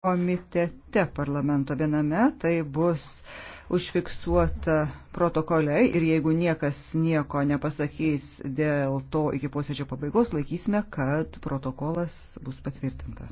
komitete parlamento viename, tai bus užfiksuota protokoliai ir jeigu niekas nieko nepasakys dėl to iki posėdžio pabaigos, laikysime, kad protokolas bus patvirtintas.